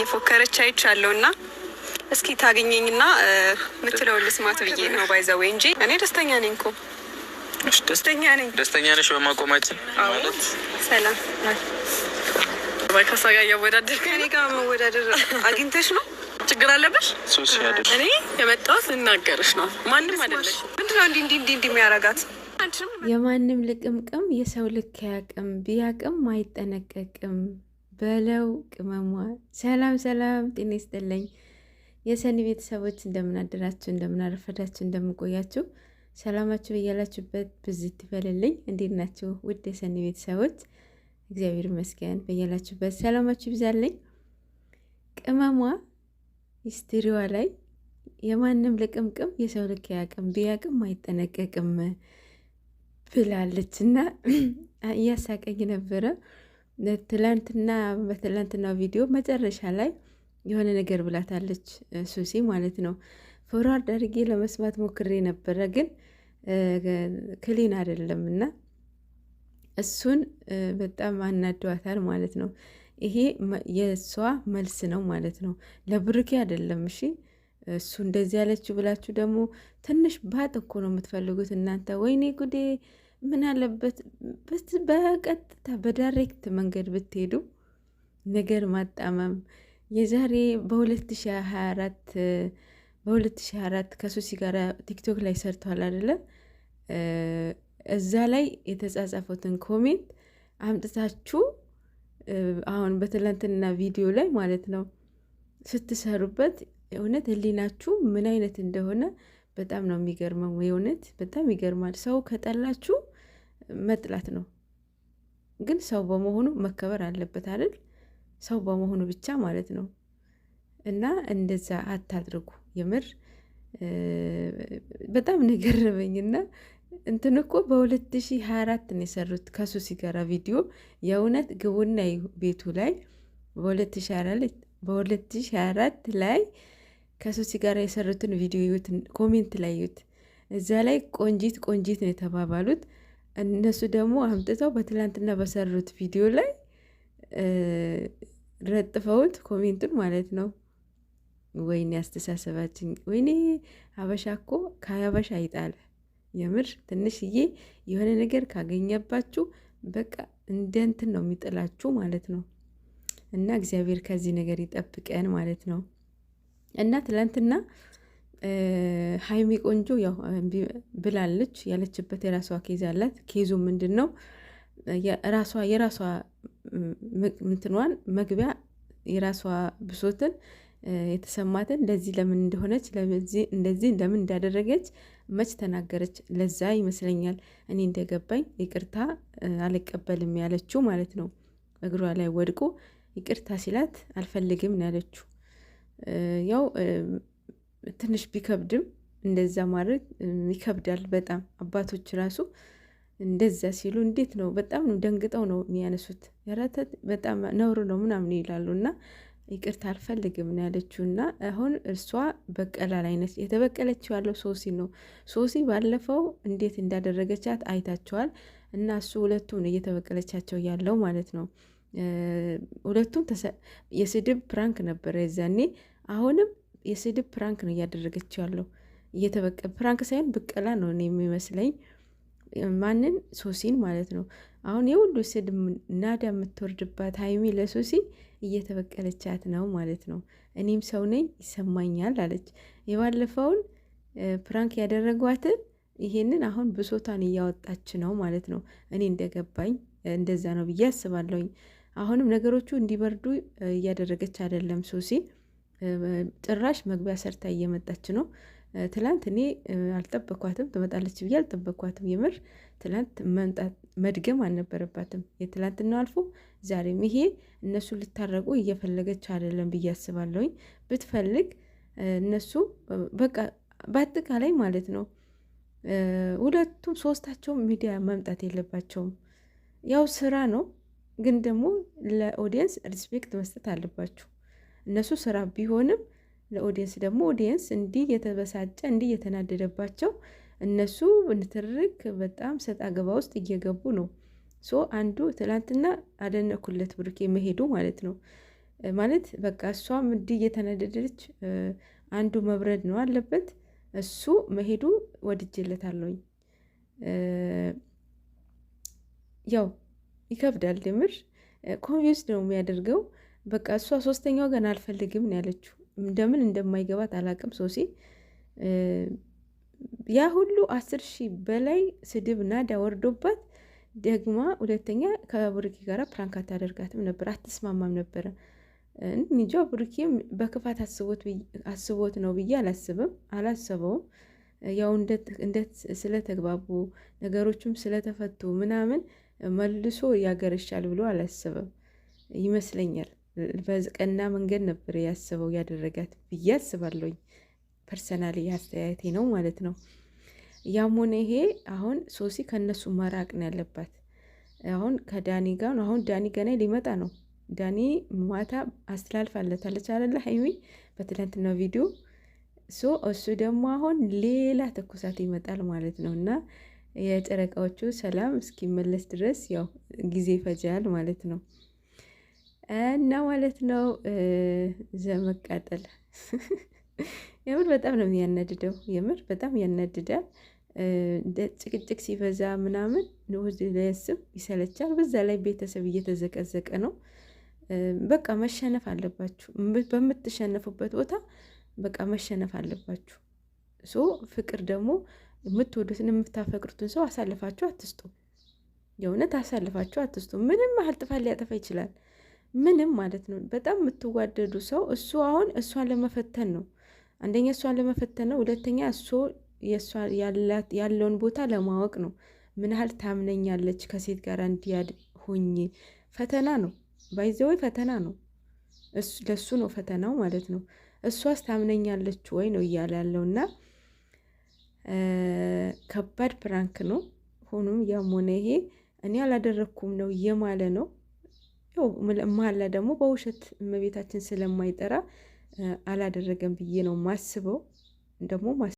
እየፎከረች አይቻለሁ እና እስኪ ታገኘኝና ምትለው ልስማት ብዬ ነው ባይዘው እንጂ እኔ ደስተኛ ነኝ እኮ ደስተኛ ነኝ። ደስተኛ ነሽ በማቆማችን? ማለት ሰላም ከእሷ ጋር እያወዳደር ከእኔ ጋር መወዳደር አግኝተሽ ነው ችግር አለብሽ? እኔ የመጣሁት ልናገርሽ ነው። ማንም አይደለሽ። ምንድነው እንዲህ እንዲህ እንዲህ እንዲህ የሚያረጋት የማንም ልቅምቅም የሰው ልክ ያቅም ቢያቅም አይጠነቀቅም። በለው ቅመሟ። ሰላም ሰላም፣ ጤና ይስጥልኝ የሰኒ ቤተሰቦች፣ እንደምናደራችሁ፣ እንደምናረፈዳችሁ፣ እንደምቆያችሁ ሰላማችሁ በያላችሁበት ብዝት ይበልልኝ። እንዴት ናችሁ ውድ የሰኒ ቤተሰቦች? እግዚአብሔር ይመስገን። በያላችሁበት ሰላማችሁ ይብዛልኝ። ቅመሟ ሂስትሪዋ ላይ የማንም ልቅምቅም የሰው ልክ ያቅም ቢያቅም አይጠነቀቅም ብላለች እና እያሳቀኝ ነበረ። ትላንትና በትላንትና ቪዲዮ መጨረሻ ላይ የሆነ ነገር ብላታለች ሱሲ ማለት ነው። ፎርዋርድ አድርጌ ለመስማት ሞክሬ ነበረ፣ ግን ክሊን አይደለም እና እሱን በጣም አናደዋታል ማለት ነው። ይሄ የእሷ መልስ ነው ማለት ነው፣ ለብሩኬ አይደለም። እሺ እሱ እንደዚህ ያለችው ብላችሁ ደግሞ ትንሽ ባጥ እኮ ነው የምትፈልጉት እናንተ። ወይኔ ጉዴ ምን አለበት በቀጥታ በዳይሬክት መንገድ ብትሄዱ ነገር ማጣመም የዛሬ በ2024 በ2024 ከሱሲ ጋር ቲክቶክ ላይ ሰርተዋል አደለ? እዛ ላይ የተጻጻፉትን ኮሜንት አምጥታችሁ አሁን በትላንትና ቪዲዮ ላይ ማለት ነው ስትሰሩበት እውነት ህሊናችሁ ምን አይነት እንደሆነ በጣም ነው የሚገርመው። የእውነት በጣም ይገርማል። ሰው ከጠላችሁ መጥላት ነው። ግን ሰው በመሆኑ መከበር አለበት አይደል? ሰው በመሆኑ ብቻ ማለት ነው። እና እንደዛ አታድርጉ። የምር በጣም ነገረበኝና እንትን እኮ በ2024 ነው የሰሩት ከሱሲ ጋራ ቪዲዮ። የእውነት ግቡና ቤቱ ላይ በ2024 ላይ ከሱሲ ጋራ የሰሩትን ቪዲዮ ዩት፣ ኮሜንት ላይ ዩት። እዛ ላይ ቆንጂት ቆንጂት ነው የተባባሉት። እነሱ ደግሞ አምጥተው በትላንትና በሰሩት ቪዲዮ ላይ ረጥፈውት ኮሜንቱን ማለት ነው። ወይኔ አስተሳሰባችን፣ ወይኔ አበሻ እኮ ከሀበሻ ይጣል። የምር ትንሽዬ የሆነ ነገር ካገኘባችሁ በቃ እንደ እንትን ነው የሚጥላችሁ ማለት ነው። እና እግዚአብሔር ከዚህ ነገር ይጠብቀን ማለት ነው። እና ትላንትና ሀይሚ ቆንጆ ያው ብላለች። ያለችበት የራሷ ኬዝ አላት። ኬዙ ምንድን ነው? የራሷ የራሷ ምንትኗን መግቢያ የራሷ ብሶትን የተሰማትን ለዚህ ለምን እንደሆነች እንደዚህ ለምን እንዳደረገች መች ተናገረች። ለዛ ይመስለኛል እኔ እንደገባኝ ይቅርታ አልቀበልም ያለችው ማለት ነው። እግሯ ላይ ወድቆ ይቅርታ ሲላት አልፈልግም ያለችው ያው ትንሽ ቢከብድም እንደዛ ማድረግ ይከብዳል በጣም አባቶች ራሱ እንደዛ ሲሉ እንዴት ነው በጣም ደንግጠው ነው የሚያነሱት። ያረተት በጣም ነውር ነው ምናምን ይላሉ እና ይቅርታ አልፈልግም ነው ያለችው። እና አሁን እርሷ በቀላል አይነት የተበቀለችው ያለው ሶሲ ነው። ሶሲ ባለፈው እንዴት እንዳደረገቻት አይታቸዋል። እና እሱ ሁለቱም ነው እየተበቀለቻቸው ያለው ማለት ነው። ሁለቱም የስድብ ፕራንክ ነበረ የዛኔ አሁንም የስድብ ፕራንክ ነው እያደረገች ያለው እየተበቀ ፕራንክ ሳይሆን ብቀላ ነው እኔ የሚመስለኝ። ማንን ሶሲን ማለት ነው። አሁን የሁሉ ስድብ ናዳ የምትወርድባት ሀይሚ ለሶሲ እየተበቀለቻት ነው ማለት ነው። እኔም ሰው ነኝ ይሰማኛል አለች። የባለፈውን ፕራንክ ያደረጓትን ይሄንን አሁን ብሶቷን እያወጣች ነው ማለት ነው። እኔ እንደገባኝ እንደዛ ነው ብዬ አስባለሁኝ። አሁንም ነገሮቹ እንዲበርዱ እያደረገች አይደለም ሶሲ ጭራሽ መግቢያ ሰርታ እየመጣች ነው። ትላንት እኔ አልጠበኳትም፣ ትመጣለች ብዬ አልጠበኳትም። የምር ትላንት መምጣት መድገም አልነበረባትም። የትላንትና አልፎ ዛሬም ይሄ እነሱ ልታረቁ እየፈለገች አይደለም ብዬ አስባለሁኝ። ብትፈልግ እነሱ በቃ በአጠቃላይ ማለት ነው ሁለቱም ሶስታቸውም ሚዲያ መምጣት የለባቸውም። ያው ስራ ነው፣ ግን ደግሞ ለኦዲየንስ ሪስፔክት መስጠት አለባችሁ። እነሱ ስራ ቢሆንም ለኦዲየንስ ደግሞ ኦዲየንስ እንዲህ የተበሳጨ እንዲህ የተናደደባቸው እነሱ ንትርክ በጣም ሰጥ አገባ ውስጥ እየገቡ ነው። ሶ አንዱ ትላንትና አደነኩለት ብሩኬ መሄዱ ማለት ነው። ማለት በቃ እሷም እንዲህ እየተናደደች አንዱ መብረድ ነው አለበት እሱ መሄዱ ወድጄለታለሁኝ። ያው ይከብዳል ድምር ኮንቪንስ ነው የሚያደርገው በቃ እሷ ሶስተኛ ወገን አልፈልግም ነው ያለችው። እንደምን እንደማይገባት አላቅም። ሶሲ ያ ሁሉ አስር ሺህ በላይ ስድብ ናዳ ወርዶባት ደግማ ሁለተኛ ከብሩኪ ጋር ፕራንክ አታደርጋትም ነበር፣ አትስማማም ነበረ። እንጃ ብሩኪም በክፋት አስቦት ነው ብዬ አላስብም፣ አላሰበውም። ያው እንደት ስለተግባቡ ነገሮችም ስለተፈቱ ምናምን መልሶ ያገረሻል ብሎ አላስብም ይመስለኛል። በቀና መንገድ ነበር ያስበው ያደረጋት ብዬ አስባለሁኝ። ፐርሰናሊ አስተያየቴ ነው ማለት ነው። ያም ሆነ ይሄ አሁን ሶሲ ከእነሱ መራቅ ነው ያለባት። አሁን ከዳኒ ጋር አሁን ዳኒ ገና ሊመጣ ነው። ዳኒ ማታ አስተላልፋለታለች አለ ሀይሚ በትላንትናው ቪዲዮ ሶ እሱ ደግሞ አሁን ሌላ ትኩሳት ይመጣል ማለት ነው። እና የጨረቃዎቹ ሰላም እስኪመለስ ድረስ ያው ጊዜ ይፈጃል ማለት ነው። እና ማለት ነው ዘመቃጠል የምር በጣም ነው የሚያነድደው። የምር በጣም ያናድዳል። ጭቅጭቅ ሲበዛ ምናምን ንውድ ላያስብ ይሰለቻል። በዛ ላይ ቤተሰብ እየተዘቀዘቀ ነው። በቃ መሸነፍ አለባችሁ። በምትሸነፉበት ቦታ በቃ መሸነፍ አለባችሁ። ሶ ፍቅር ደግሞ የምትወዱትን የምታፈቅሩትን ሰው አሳልፋችሁ አትስጡ። የእውነት አሳልፋችሁ አትስጡ። ምንም ያህል ጥፋት ሊያጠፋ ይችላል። ምንም ማለት ነው። በጣም የምትዋደዱ ሰው እሱ አሁን እሷን ለመፈተን ነው። አንደኛ እሷን ለመፈተን ነው። ሁለተኛ እሱ ያለውን ቦታ ለማወቅ ነው። ምን ያህል ታምነኛለች ከሴት ጋር እንዲያድ ሆኜ ፈተና ነው። ባይዘወይ ፈተና ነው። ለሱ ነው ፈተናው ማለት ነው። እሷስ ታምነኛለች ወይ ነው እያለ ያለው እና ከባድ ፕራንክ ነው። ሆኖም ያም ሆነ ይሄ እኔ አላደረግኩም ነው እየማለ ነው። መሀል ደግሞ በውሸት እመቤታችን ስለማይጠራ አላደረገም ብዬ ነው ማስበው ደግሞ